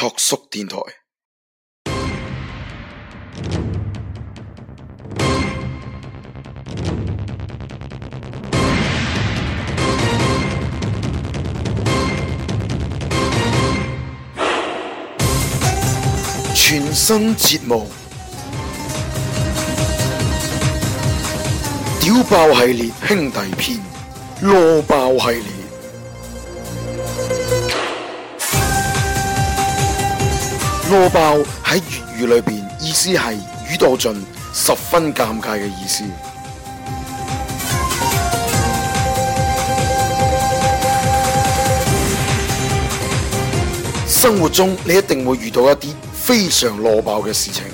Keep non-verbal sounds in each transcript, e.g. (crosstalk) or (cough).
碩叔電台，全新節目，屌爆系列兄弟篇，囉爆系列。攞爆喺粵語裏邊意思係語道盡，十分尷尬嘅意思。生活中你一定會遇到一啲非常攞爆嘅事情。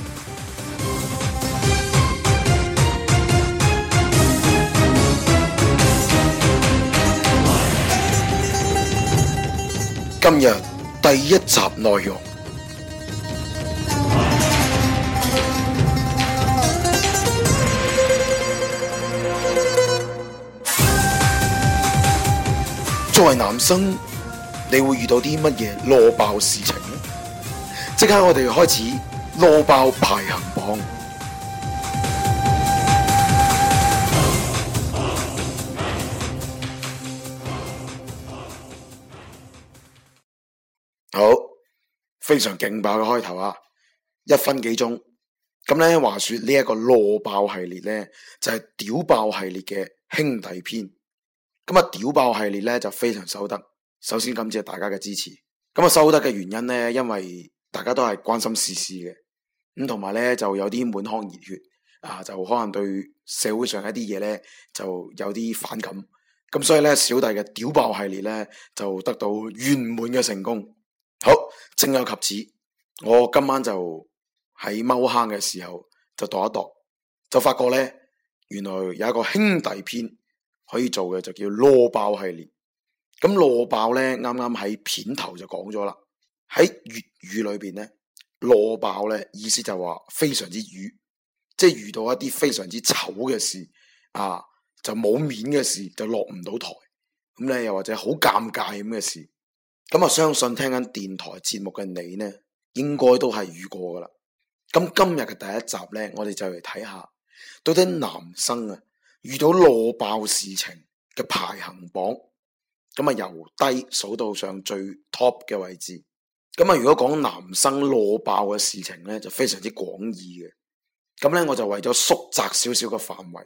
今日第一集內容。作為男生，你會遇到啲乜嘢囉爆事情咧？即刻我哋開始囉爆排行榜。好，非常勁爆嘅開頭啊！一分幾鐘咁咧，話說呢一個囉爆系列咧，就係、是、屌爆系列嘅兄弟篇。咁啊！屌爆系列咧就非常收得。首先感謝大家嘅支持。咁啊，收得嘅原因咧，因為大家都係關心時事嘅，咁同埋咧就有啲滿腔熱血，啊就可能對社會上一啲嘢咧就有啲反感。咁所以咧，小弟嘅屌爆系列咧就得到圓滿嘅成功。好，正有及此，我今晚就喺踎坑嘅時候就度一度，就發覺咧原來有一個兄弟篇。可以做嘅就叫攞爆系列，咁攞爆咧，啱啱喺片頭就講咗啦。喺粵語裏邊咧，攞爆咧意思就話非常之瘀，即係遇到一啲非常之醜嘅事啊，就冇面嘅事，就落唔到台。咁咧又或者好尷尬咁嘅事。咁啊，相信聽緊電台節目嘅你呢，應該都係瘀過噶啦。咁今日嘅第一集咧，我哋就嚟睇下，到底男生啊？遇到落爆事情嘅排行榜，咁啊由低數到上最 top 嘅位置。咁啊，如果講男生落爆嘅事情呢，就非常之廣義嘅。咁呢，我就為咗縮窄少少嘅範圍，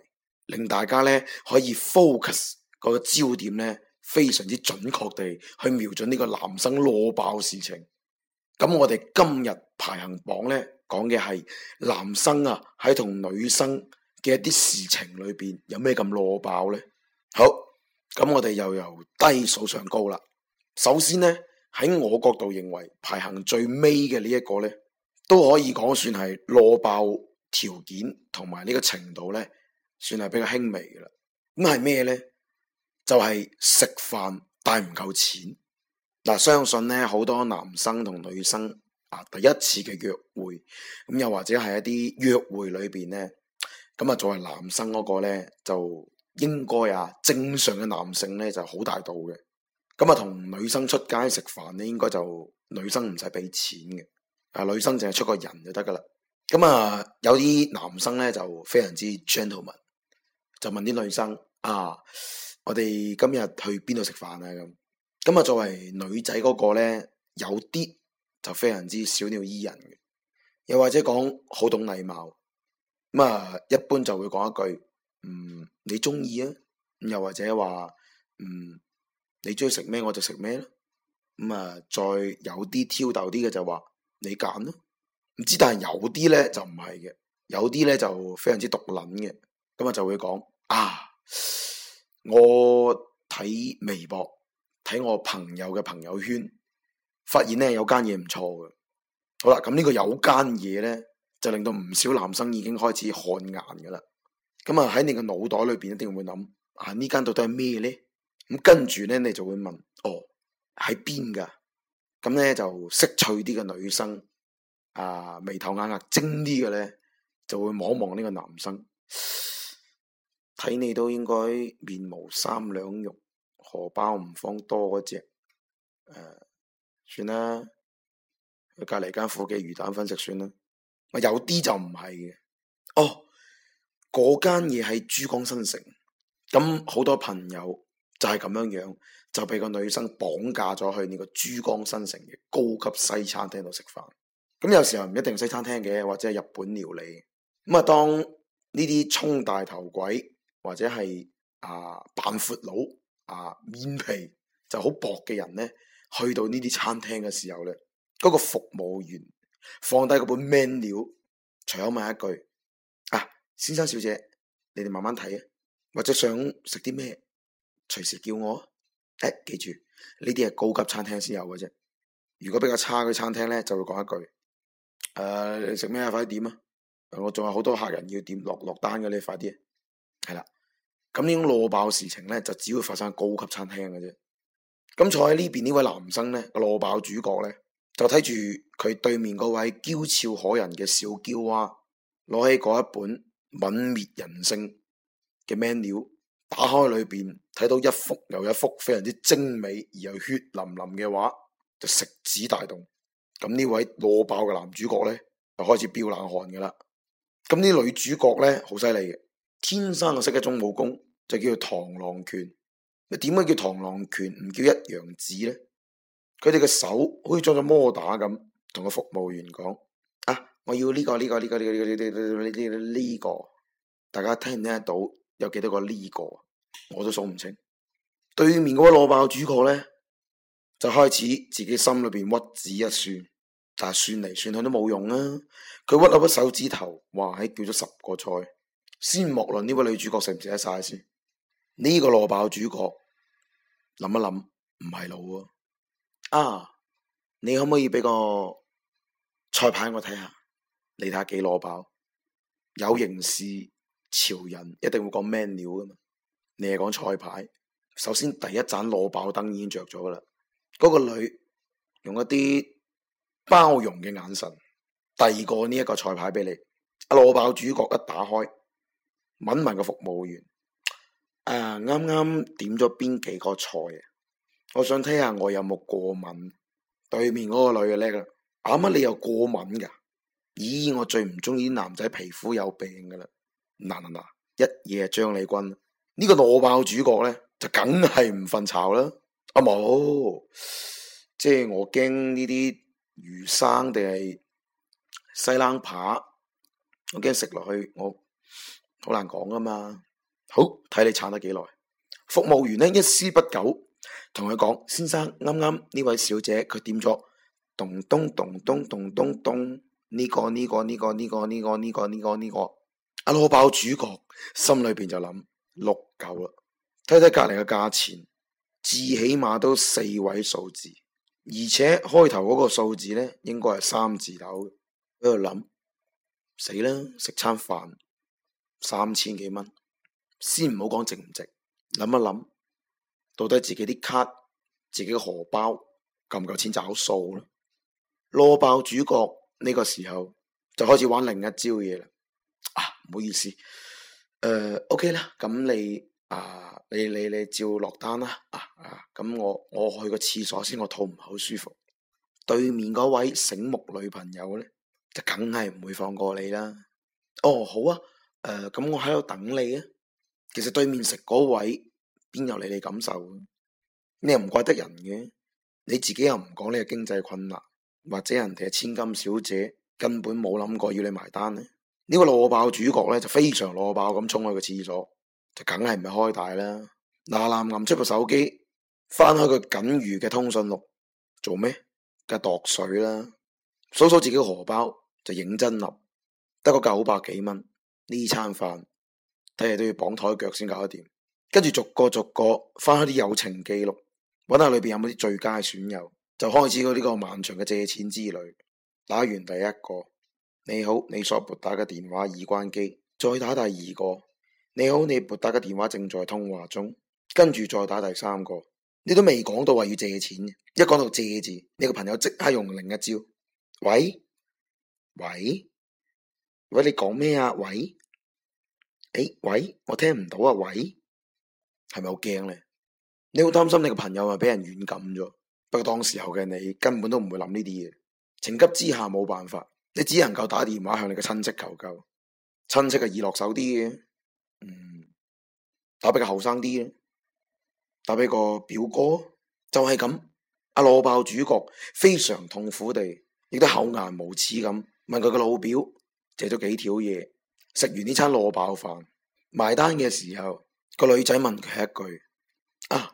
令大家呢可以 focus 嗰個焦點呢，非常之準確地去瞄準呢個男生落爆事情。咁我哋今日排行榜呢，講嘅係男生啊喺同女生。一啲事情裏邊有咩咁落爆呢？好，咁我哋又由低數上高啦。首先呢，喺我角度認為排行最尾嘅呢一個呢，都可以講算係落爆條件同埋呢個程度呢，算係比較輕微嘅啦。咁係咩呢？就係食飯帶唔夠錢。嗱，相信呢，好多男生同女生啊，第一次嘅約會咁，又或者係一啲約會裏邊呢。咁啊，作為男生嗰個呢，就應該啊，正常嘅男性呢就好大度嘅。咁啊，同女生出街食飯呢，應該就女生唔使俾錢嘅，啊，女生淨係出個人就得噶啦。咁啊，有啲男生呢，就非常之 gentleman，就問啲女生啊，我哋今日去邊度食飯啊咁。咁啊，作為女仔嗰個呢，有啲就非常之小鳥依人嘅，又或者講好懂禮貌。咁啊，一般就會講一句，嗯，你中意啊，又或者話，嗯，你中意食咩我就食咩咯。咁、嗯、啊，再有啲挑逗啲嘅就話你揀咯。唔知，但係有啲咧就唔係嘅，有啲咧就非常之獨領嘅。咁、嗯、啊就會講啊，我睇微博，睇我朋友嘅朋友圈，發現咧有間嘢唔錯嘅。好啦，咁呢個有間嘢咧。就令到唔少男生已經開始汗顏噶啦，咁啊喺你個腦袋裏邊一定會諗啊，呢間到底係咩呢？嗯，咁跟住咧你就會問，哦，喺邊噶？咁咧、嗯、就識趣啲嘅女生啊眉頭眼額精啲嘅咧就會望望呢個男生，睇你都應該面無三兩肉，荷包唔放多嗰隻，誒、呃、算啦，去隔籬間苦記魚蛋粉食算啦。有啲就唔係嘅，哦，嗰間嘢喺珠江新城，咁好多朋友就係咁樣樣，就俾個女生綁架咗去呢個珠江新城嘅高級西餐廳度食飯，咁有時候唔一定西餐廳嘅，或者係日本料理，咁啊當呢啲沖大頭鬼或者係啊、呃、扮闊佬啊、呃、面皮就好、是、薄嘅人呢，去到呢啲餐廳嘅時候呢，嗰、那個服務員，放低嗰本 menu，隨口問一句：啊，先生小姐，你哋慢慢睇啊，或者想食啲咩？隨時叫我。誒、哎，記住呢啲係高級餐廳先有嘅啫。如果比較差嘅餐廳咧，就會講一句：誒、呃，你食咩啊？快啲點啊！我仲有好多客人要點落落單嘅咧，你快啲。係啦，咁呢種落爆事情咧，就只會發生高級餐廳嘅啫。咁坐喺呢邊呢位男生咧，個落爆主角咧。就睇住佢對面嗰位嬌俏可人嘅小嬌娃，攞起嗰一本泯滅人性嘅 menu，打開裏邊睇到一幅又一幅非常之精美而又血淋淋嘅畫，就食指大動。咁呢位弱爆嘅男主角呢，就開始飆冷汗噶啦。咁呢女主角呢，好犀利嘅，天生就識一種武功，就叫做螳螂拳。乜點解叫螳螂拳唔叫一陽指呢？佢哋嘅手好似裝咗摩打咁，同個服務員講：啊，我要呢個呢個呢個呢個呢呢呢呢呢個。大家聽唔聽得到？有幾多個呢個啊？我都數唔清。對面嗰個裸爆主角咧，就開始自己心裏邊屈指一算，但係算嚟算去都冇用啊！佢屈咗屈手指頭，話喺叫咗十個菜，先莫論呢位女主角食唔食得晒先。呢個裸爆主角諗一諗，唔係老啊。啊！你可唔可以俾個菜牌我睇下？你睇下幾裸爆？有刑事潮人一定會講 menu 噶嘛？你係講菜牌。首先第一盞裸爆燈已經着咗噶啦。嗰個女用一啲包容嘅眼神遞過呢一個菜牌俾你。裸爆主角一打開，問問個服務員啊啱啱點咗邊幾個菜啊？我想睇下我有冇過敏，對面嗰個女嘅叻啦，阿媽、啊、你又過敏噶，咦我最唔中意男仔皮膚有病噶啦，嗱嗱嗱，一夜張麗君呢個裸爆主角咧就梗係唔瞓巢啦，阿、啊、冇，即係我驚呢啲魚生定係西冷扒，我驚食落去我好難講啊嘛，好睇你撐得幾耐，服務員呢，一絲不苟。同佢講，先生，啱啱呢位小姐佢點咗咚咚咚咚咚咚，呢個呢個呢個呢個呢個呢個呢個呢個，阿老爆主角心裏邊就諗六九啦，睇睇隔籬嘅價錢，至起碼都四位數字，而且開頭嗰個數字咧應該係三字頭，喺度諗，死啦，食餐飯三千幾蚊，先唔好講值唔值，諗一諗。到底自己啲卡、自己嘅荷包夠唔夠錢找數咧？攞爆主角呢個時候就開始玩另一招嘢啦！啊，唔好意思，誒、呃、OK 啦，咁、嗯嗯、你啊，你你你照落單啦，啊啊，咁、嗯嗯、我我去個廁所先，我肚唔好舒服。對面嗰位醒目女朋友咧，就梗係唔會放過你啦。哦，好啊，誒、嗯，咁、嗯嗯嗯嗯嗯嗯嗯、我喺度等你啊。其實對面食嗰位。邊有你哋感受？你又唔怪得人嘅，你自己又唔講你嘅經濟困難，或者人哋係千金小姐，根本冇諗過要你埋單呢？呢、呢個落爆主角咧就非常落爆咁衝去個廁所，就梗係唔係開大啦。嗱，嗱，臨出部手機，翻開個僅餘嘅通訊錄，做咩？梗係度水啦，數數自己個荷包，就認真立得個九百幾蚊呢餐飯，睇嚟都要綁台腳先搞得掂。跟住逐個逐個翻開啲友情記錄，揾下裏邊有冇啲最佳損友，就開始咗呢個漫長嘅借錢之旅。打完第一個，你好，你所撥打嘅電話已關機。再打第二個，你好，你撥打嘅電話正在通話中。跟住再打第三個，你都未講到話要借錢嘅，一講到借字，你個朋友即刻用另一招。喂，喂，喂，你講咩啊？喂，誒喂，我聽唔到啊，喂。係咪好驚咧？你好擔心你個朋友啊，俾人軟禁咗。不過當時候嘅你根本都唔會諗呢啲嘢，情急之下冇辦法，你只能夠打電話向你個親戚求救。親戚係易落手啲嘅，嗯，打俾個後生啲，打俾個表哥就係咁。阿裸爆主角非常痛苦地，亦都厚顏無恥咁問佢個老表借咗幾條嘢。食完呢餐裸爆飯，埋單嘅時候。個女仔問佢一句：啊，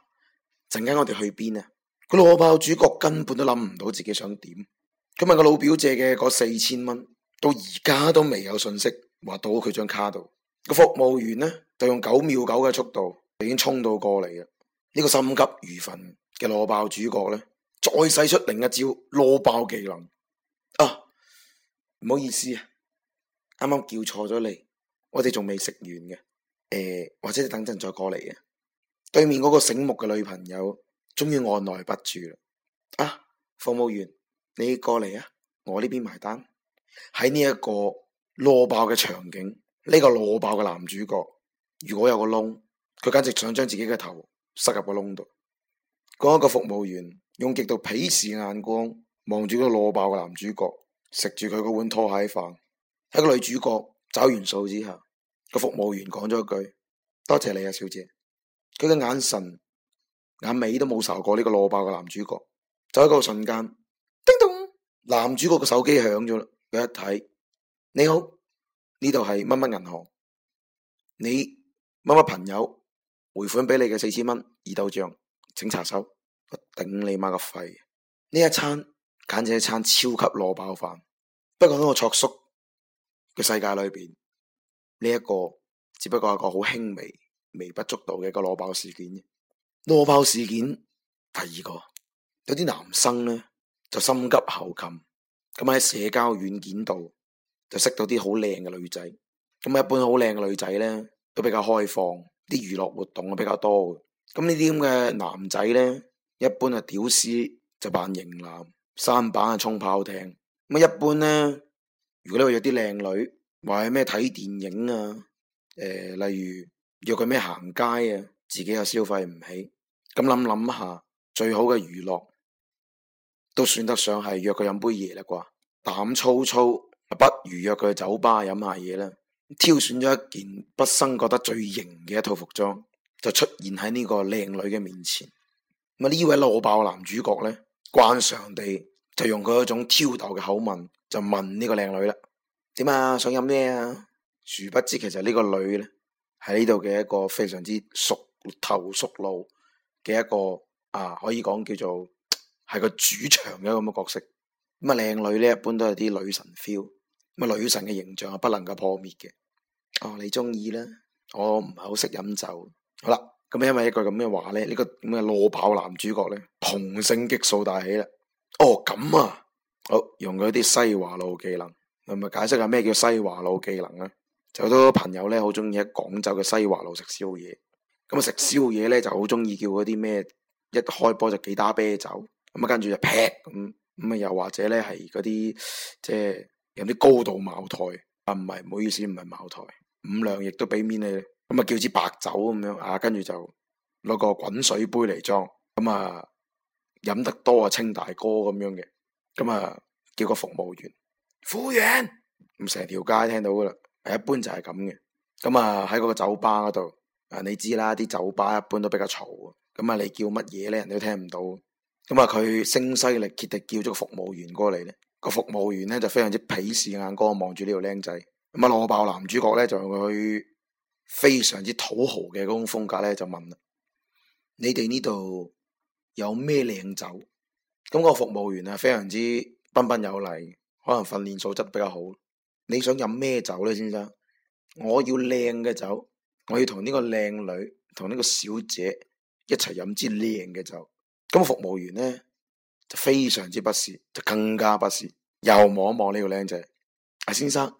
陣間我哋去邊啊？個裸爆主角根本都諗唔到自己想點。佢問個老表借嘅嗰四千蚊，到而家都未有信息，話到佢張卡度。個服務員呢，就用九秒九嘅速度已經衝到過嚟啦。呢個心急如焚嘅裸爆主角呢，再使出另一招裸爆技能。啊，唔好意思啊，啱啱叫錯咗你，我哋仲未食完嘅。誒，或者等陣再過嚟嘅。對面嗰個醒目嘅女朋友終於按耐不住啦！啊，服務員，你過嚟啊，我呢邊埋單。喺呢一個裸爆嘅場景，呢、呢個裸爆嘅男主角如果有個窿，佢簡直想將自己嘅頭塞入個窿度。嗰、嗰個服務員用極度鄙視嘅眼光望住嗰個裸爆嘅男主角，食住佢嗰碗拖鞋飯。喺個女主角找完數之後。個服務員講咗一句：多謝你啊，小姐。佢嘅眼神，眼尾都冇睄過呢個裸爆嘅男主角。就喺個瞬間，叮咚，男主角嘅手機響咗。佢一睇，你好，呢度係乜乜銀行，你乜乜朋友匯款俾你嘅四千蚊，已到賬，請查收。我頂你媽個肺！呢一餐簡直係一餐超級裸爆飯。不過喺我綽叔嘅世界裏邊。呢一個只不過係一個好輕微、微不足道嘅個裸爆事件啫。裸爆事件第二個有啲男生咧就心急猴擒，咁喺社交軟件度就識到啲好靚嘅女仔。咁一般好靚嘅女仔咧都比較開放，啲娛樂活動啊比較多。咁呢啲咁嘅男仔咧一般係屌絲就扮型男，三板啊衝炮艇。咁一般咧，如果你有啲靚女。話佢咩睇電影啊？誒、呃，例如約佢咩行街啊，自己又消費唔起。咁諗諗下，最好嘅娛樂都算得上係約佢飲杯嘢啦啩。膽粗粗，不如約佢去酒吧飲下嘢啦。挑選咗一件畢生覺得最型嘅一套服裝，就出現喺呢個靚女嘅面前。咁呢位老爆男主角呢，慣常地就用佢一種挑逗嘅口吻，就問呢個靚女啦。點啊！想飲咩啊？殊不知，其實呢個女咧喺呢度嘅一個非常之熟頭熟路嘅一個啊，可以講叫做係個主場嘅咁嘅角色。咁、嗯、啊，靚女咧一般都係啲女神 feel。咁啊，女神嘅形象啊不能夠破滅嘅。哦，你中意啦。我唔係好識飲酒。好啦，咁因為一句咁嘅話咧，呢、這個咁嘅裸爆男主角咧，同性激素大起啦。哦，咁啊，好用咗啲西華路技能。係咪解釋下咩叫西華路技能啊？就好多朋友咧，好中意喺廣州嘅西華路食宵夜。咁啊食宵夜咧，就好中意叫嗰啲咩？一開波就幾打啤酒，咁啊跟住就劈咁，咁啊，又或者咧係嗰啲即係有啲高度茅台啊？唔係，唔好意思，唔係茅台，五糧液亦都俾面你。咁、嗯、啊叫支白酒咁樣、嗯、啊，跟住就攞個滾水杯嚟裝，咁、嗯、啊飲得多啊稱大哥咁樣嘅，咁、嗯、啊叫個服務員服務員，咁成條街聽到噶啦，一般就係咁嘅。咁啊喺嗰個酒吧嗰度，啊你知啦，啲酒吧一般都比較嘈，咁、嗯、啊你叫乜嘢咧，人都聽唔到。咁啊佢聲嘶力竭地叫咗、嗯 (music) 個服務員過嚟咧。個服務員咧就非常之鄙視眼光望住呢個靚仔。咁啊落爆男主角咧就佢非常之土豪嘅嗰種風格咧就問啦，你哋呢度有咩靚酒？咁個服務員啊非常之彬彬有禮。可能訓練素質比較好，你想飲咩酒咧，先生？我要靚嘅酒，我要同呢個靚女、同呢個小姐一齊飲支靚嘅酒。咁服務員呢，就非常之不屑，就更加不屑，又望一望呢個靚仔。啊，先生，誒、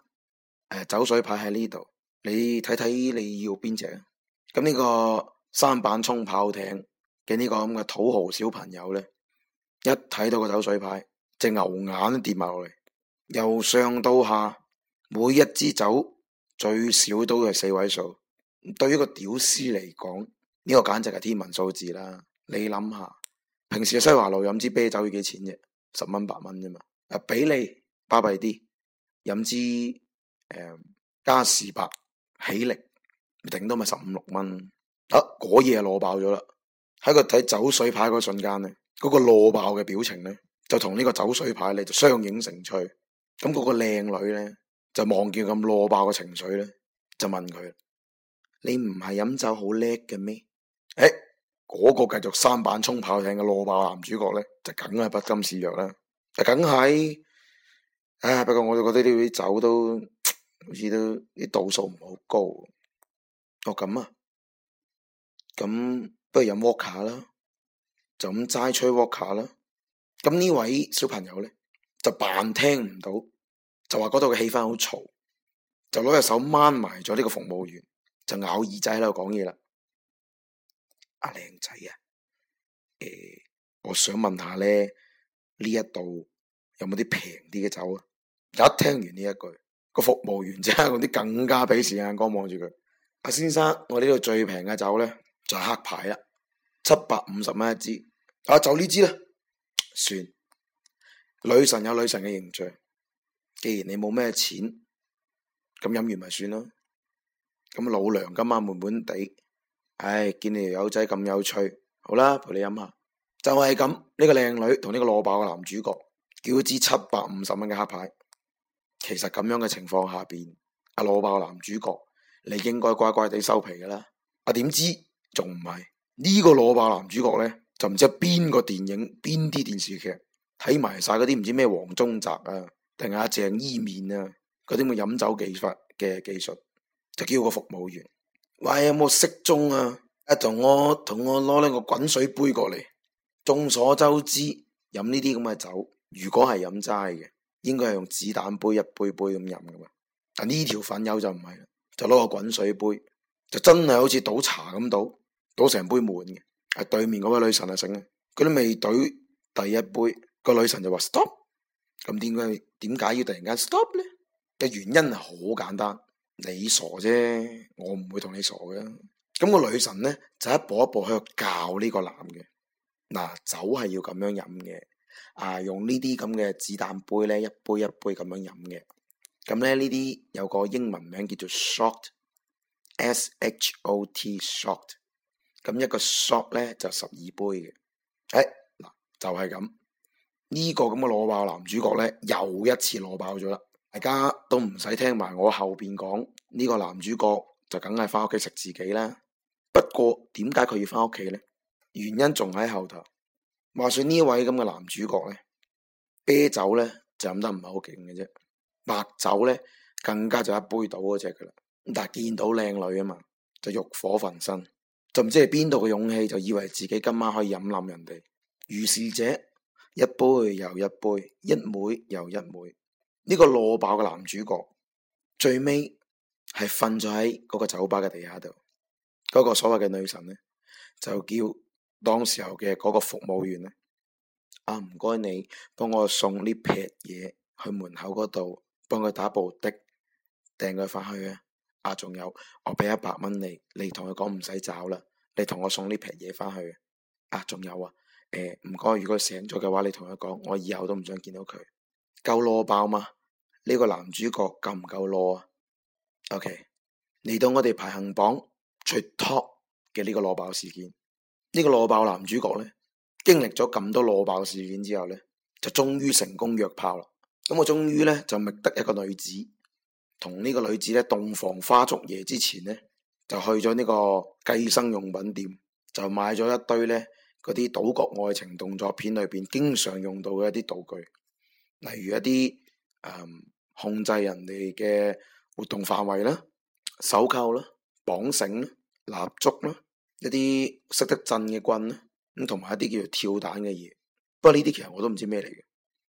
呃，酒水牌喺呢度，你睇睇你要邊隻？咁呢個三板衝炮艇嘅呢個咁嘅土豪小朋友咧，一睇到個酒水牌，隻牛眼都跌埋落嚟。由上到下，每一支酒最少都係四位數。對於一個屌絲嚟講，呢個簡直係天文數字啦！你諗下，平時喺西華路飲支啤酒要幾錢啫？十蚊八蚊啫嘛。啊，俾你巴閉啲，飲支誒嘉士伯喜力，頂多咪十五六蚊。得嗰嘢係落爆咗啦！喺佢睇酒水牌嗰瞬間咧，嗰個落爆嘅表情咧，就同呢個酒水牌咧就相映成趣。咁嗰個靚女咧，就望見咁弱爆嘅情緒咧，就問佢：你唔係飲酒好叻嘅咩？誒、欸，嗰、那個繼續三板衝炮艇嘅弱爆男主角咧，就梗係不甘示弱啦。梗係，唉，不過我就覺得呢啲酒都好似都啲度數唔好高。哦，咁啊，咁不如飲沃卡啦，就咁齋吹沃卡啦。咁呢位小朋友咧？就扮聽唔到，就話嗰度嘅氣氛好嘈，就攞隻手掹埋咗呢個服務員，就咬耳仔喺度講嘢啦。阿、啊、靚仔啊，誒、欸，我想問下咧，有有一一呢一度有冇啲平啲嘅酒啊？一聽完呢一句，個服務員即刻用啲更加鄙視眼光望住佢。阿、啊、先生，我呢度最平嘅酒咧就係，黑牌啦，七百五十蚊一支。啊，就呢支啦，算。女神有女神嘅形象，既然你冇咩錢，咁飲完咪算咯。咁老娘今晚悶悶地，唉、哎，見你條友仔咁有趣，好啦，陪你飲下。就係、是、咁，呢、這個靚女同呢個裸爆嘅男主角叫一支七百五十蚊嘅黑牌。其實咁樣嘅情況下邊，阿裸爆男主角，你應該乖乖地收皮噶啦。啊，點知仲唔係呢個裸爆男主角呢，就唔知邊個電影邊啲電視劇。睇埋晒嗰啲唔知咩黃宗澤啊，定阿鄭伊面啊，嗰啲咁嘅飲酒技法嘅技術，就叫個服務員：喂，有冇色盅啊？啊，同我同我攞兩個滾水杯過嚟。眾所周知，飲呢啲咁嘅酒，如果係飲齋嘅，應該係用子彈杯一杯杯咁飲噶嘛。但呢條粉友就唔係啦，就攞個滾水杯，就真係好似倒茶咁倒，倒成杯滿嘅。係對面嗰位女神啊，醒嘅，佢都未懟第一杯。個女神就話 stop，咁點解點解要突然間 stop 呢？嘅原因係好簡單，你傻啫，我唔會同你傻嘅。咁個女神呢，就一步一步喺度教呢個男嘅，嗱，酒係要咁樣飲嘅，啊，用呢啲咁嘅子彈杯呢，一杯一杯咁樣飲嘅。咁咧呢啲有個英文名叫做 shot，S H O T shot，咁一個 shot 呢，就十二杯嘅，誒、欸，嗱，就係咁。呢個咁嘅裸爆男主角呢，又一次裸爆咗啦！大家都唔使聽埋我後邊講，呢個男主角就梗係翻屋企食自己啦。不過點解佢要翻屋企呢？原因仲喺後頭。話說呢位咁嘅男主角呢，啤酒呢就飲得唔係好勁嘅啫，白酒呢更加就一杯倒嗰隻噶啦。但係見到靚女啊嘛，就欲火焚身，就唔知係邊度嘅勇氣，就以為自己今晚可以飲冧人哋。如是者。一杯又一杯，一妹又一妹。呢、這個落魄嘅男主角最尾係瞓咗喺嗰個酒吧嘅地下度。嗰、那個所謂嘅女神呢，就叫當時候嘅嗰個服務員呢。啊，唔該、啊啊，你幫我送呢撇嘢去門口嗰度，幫佢打部的，掟佢翻去啊。啊，仲有，我俾一百蚊你，你同佢講唔使找啦，你同我送呢撇嘢翻去啊。仲有啊。誒，唔該，如果醒咗嘅話，你同佢講，我以後都唔想見到佢，夠裸爆嘛？呢個男主角夠唔夠裸啊？O K，嚟到我哋排行榜最 top 嘅呢個裸爆事件，呢個裸爆男主角呢，經歷咗咁多裸爆事件之後呢，就終於成功約炮啦。咁我終於呢，就覓得一個女子，同呢個女子呢，洞房花燭夜之前呢，就去咗呢個計生用品店，就買咗一堆呢。嗰啲島國愛情動作片裏邊經常用到嘅一啲道具，例如一啲誒、嗯、控制人哋嘅活動範圍啦，手銬啦、綁繩啦、蠟燭啦、一啲識得震嘅棍啦，咁同埋一啲叫做跳蛋嘅嘢。不過呢啲其實我都唔知咩嚟嘅。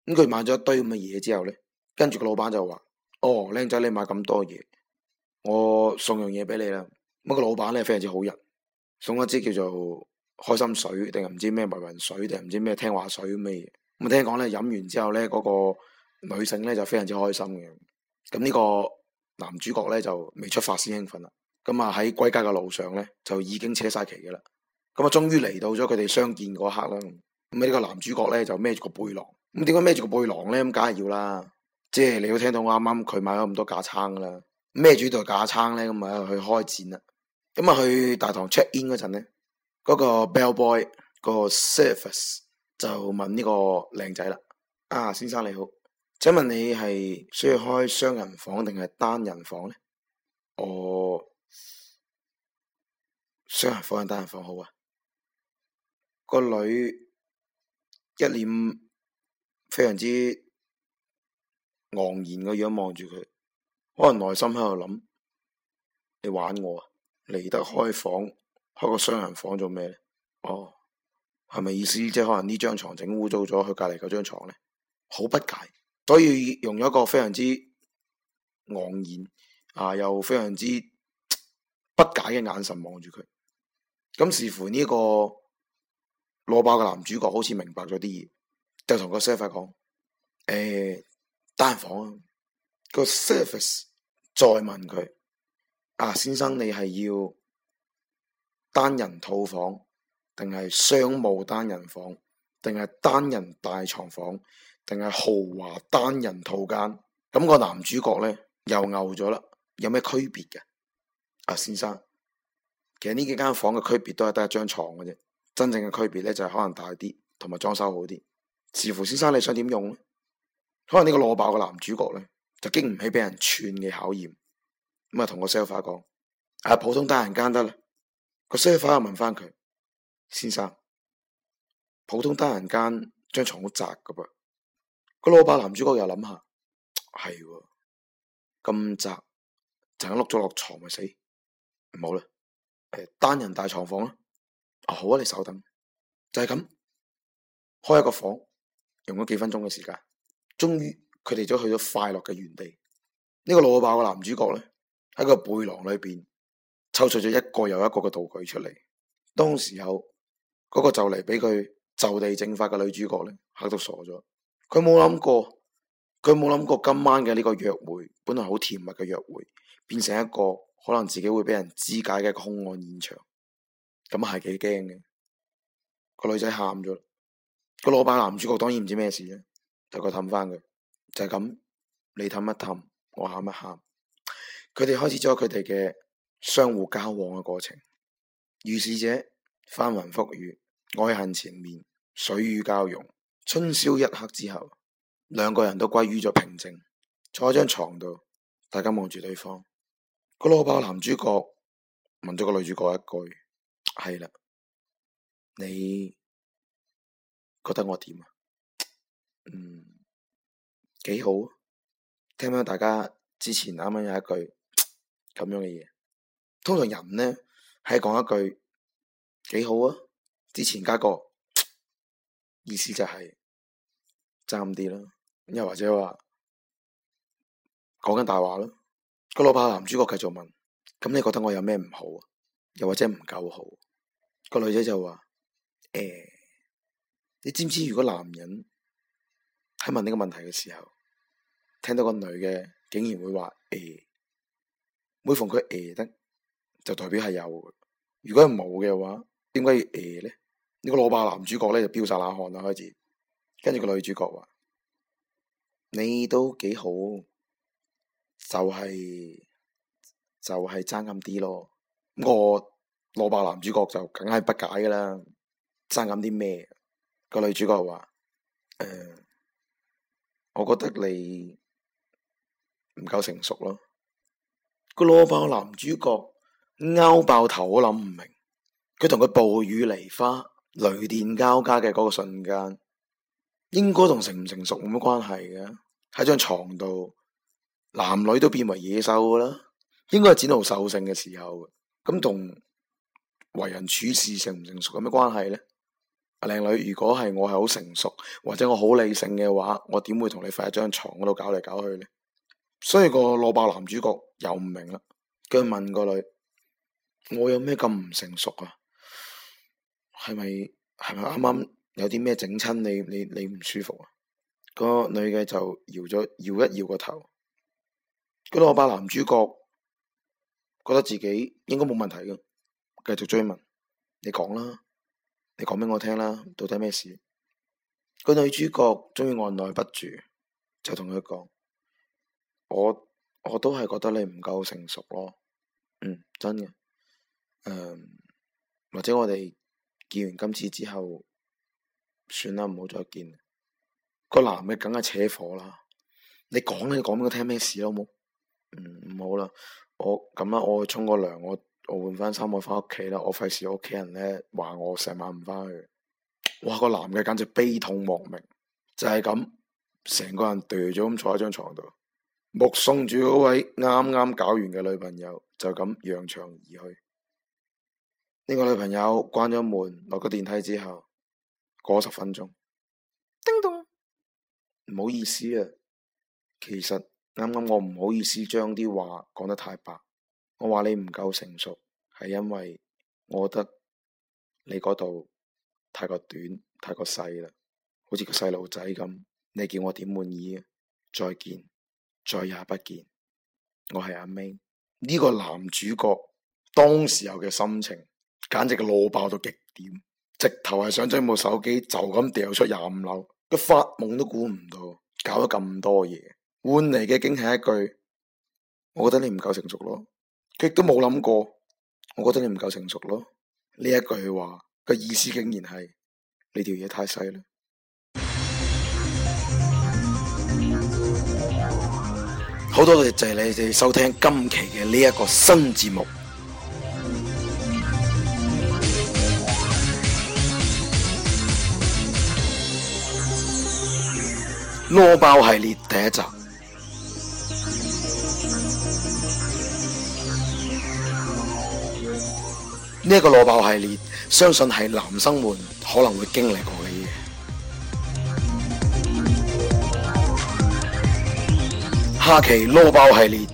咁、嗯、佢買咗一堆咁嘅嘢之後咧，跟住個老闆就話：哦，靚仔，你買咁多嘢，我送樣嘢俾你啦。咁、那個老闆咧非常之好人，送一支叫做開心水定係唔知咩迷魂水，定係唔知咩聽話水咁嘅嘢。咁啊聽講咧飲完之後咧嗰個女性咧就非常之開心嘅，咁呢個男主角咧就未出發先興奮啦，咁啊喺歸家嘅路上咧就已經扯晒旗嘅啦，咁啊終於嚟到咗佢哋相見嗰刻啦，咁呢個男主角咧就孭住個背囊，咁點解孭住個背囊咧？咁梗係要啦，即係你都聽到啱啱佢買咗咁多架撐啦，孭住對架撐咧咁啊去開戰啦，咁啊去大堂 check in 嗰陣咧。嗰個 bell boy 個 service 就問呢個靚仔啦，啊先生你好，請問你係需要開雙人房定係單人房呢？哦，雙人房定單人房好啊！個女一臉非常之昂然個樣望住佢，可能內心喺度諗：你玩我啊，離得開房。開個雙人房做咩咧？哦，係咪意思即係可能呢張床整污糟咗，佢隔籬嗰張床咧？好不解，所以用咗一個非常之昂然啊，又非常之不解嘅眼神望住佢。咁似乎呢個裸爆嘅男主角好似明白咗啲嘢，就同個 server 講：，誒，單人房。啊，個 server 再問佢：，啊，先生你係要？單人套房，定係商務單人房，定係單人大床房，定係豪華單人套間？咁個男主角呢，又牛咗啦，有咩區別嘅？阿先生，其實呢幾間房嘅區別都係得一張床嘅啫，真正嘅區別呢，就係可能大啲，同埋裝修好啲，視乎先生你想點用呢？可能呢個落雹嘅男主角呢，就經唔起俾人串嘅考驗，咁啊同個 sell 講，阿普通單人間得啦。個師傅又問翻佢，先生，普通單人間張床好窄噶噃。個老阿爸男主角又諗下，係，咁窄，就咁碌咗落床咪死，唔好啦，誒，單人大床房啦。啊好啊，你稍等，就係咁，開一個房，用咗幾分鐘嘅時間，終於佢哋都去咗快樂嘅原地。呢個老阿爸個男主角咧，喺個背囊裏邊抽出咗一個又一個嘅道具出嚟，當時候嗰，那個就嚟俾佢就地正法嘅女主角咧，嚇到傻咗。佢冇諗過，佢冇諗過今晚嘅呢個約會，本來好甜蜜嘅約會，變成一個可能自己會俾人肢解嘅一個凶案現場，咁係幾驚嘅。個女仔喊咗，個老闆男主角當然唔知咩事啦，大概氹翻佢，就係、是、咁，你氹一氹，我喊一喊，佢哋開始咗佢哋嘅。相互交往嘅過程，遇事者翻雲覆雨、愛恨纏綿、水乳交融。春宵一刻之後，兩個人都歸於咗平靜，坐喺張床度，大家望住對方。個老爆男主角問咗個女主角一句：係啦，你覺得我點啊？嗯，幾好。聽返大家之前啱啱有一句咁樣嘅嘢？通常人呢，係講一句幾好啊，之前加個意思就係爭啲啦，又或者話講緊大話咯、啊。個老伯男主角繼續問：咁、嗯、你覺得我有咩唔好？啊？又或者唔夠好、啊？個女仔就話：誒、欸，你知唔知如果男人喺問呢個問題嘅時候，聽到個女嘅竟然會話：誒、欸，每逢佢誒得。就代表係有。如果係冇嘅話，點解要誒、呃、咧？呢、這個老爆男主角咧就飆晒冷汗啦，開始。跟住個女主角話：嗯、你都幾好，就係、是、就係爭咁啲咯。我老爆男主角就梗係不解噶啦，爭咁啲咩？那個女主角話：誒、呃，我覺得你唔夠成熟咯。那個老爆男主角。勾爆頭我，我諗唔明。佢同佢暴雨梨花，雷電交加嘅嗰個瞬間，應該同成唔成熟冇乜關係嘅。喺張床度，男女都變為野獸啦，應該係展露獸性嘅時候。咁同為人處事成唔成熟有乜關係呢？阿靚女，如果係我係好成熟或者我好理性嘅話，我點會同你瞓喺張床嗰度搞嚟搞去呢？所以個蘿爆男主角又唔明啦，佢問個女，我有咩咁唔成熟啊？係咪係咪啱啱有啲咩整親你？你你唔舒服啊？個女嘅就搖咗搖一搖個頭，咁我把男主角覺得自己應該冇問題嘅，繼續追問，你講啦，你講俾我聽啦，到底咩事？個女主角終於按捺不住，就同佢講：我我都係覺得你唔夠成熟咯，嗯，真嘅。誒，um, 或者我哋見完今次之後，算啦，唔好再見。個男嘅梗係扯火啦，你講你講俾佢聽咩事好冇？嗯，唔好啦，我咁啦，我去沖個涼，我我換翻衫，我翻屋企啦。我費事屋企人咧話我成晚唔翻去。哇，個男嘅簡直悲痛莫名，就係咁，成個人頹咗咁坐喺張床度，目送住嗰位啱啱搞完嘅女朋友，就咁揚長而去。呢個女朋友關咗門落個電梯之後，過十分鐘，叮咚，唔好意思啊。其實啱啱我唔好意思將啲話講得太白。我話你唔夠成熟，係因為我覺得你嗰度太過短太過細啦，好似個細路仔咁。你叫我點滿意啊？再見，再也不見。我係阿 May。呢個男主角當時候嘅心情。簡直係腦爆到極點，直頭係想將部手機就咁掉出廿五樓，佢發夢都估唔到，搞咗咁多嘢，換嚟嘅竟係一句，我覺得你唔夠成熟咯，佢亦都冇諗過，我覺得你唔夠成熟咯，呢一句話嘅意思竟然係你條嘢太細啦。好多謝就係你哋收聽今期嘅呢一個新節目。裸爆系列第一集，呢、這、一個裸爆系列，相信係男生們可能會經歷過嘅嘢。下期裸爆系列，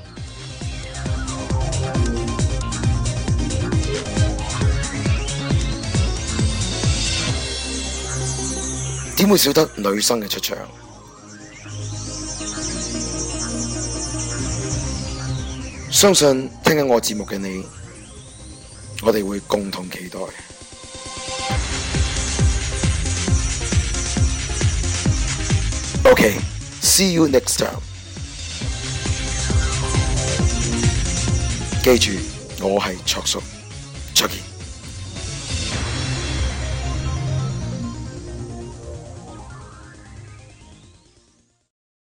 點會少得女生嘅出場？相信聽緊我節目嘅你，我哋會共同期待。OK，see you next time。記住，我係卓叔卓健。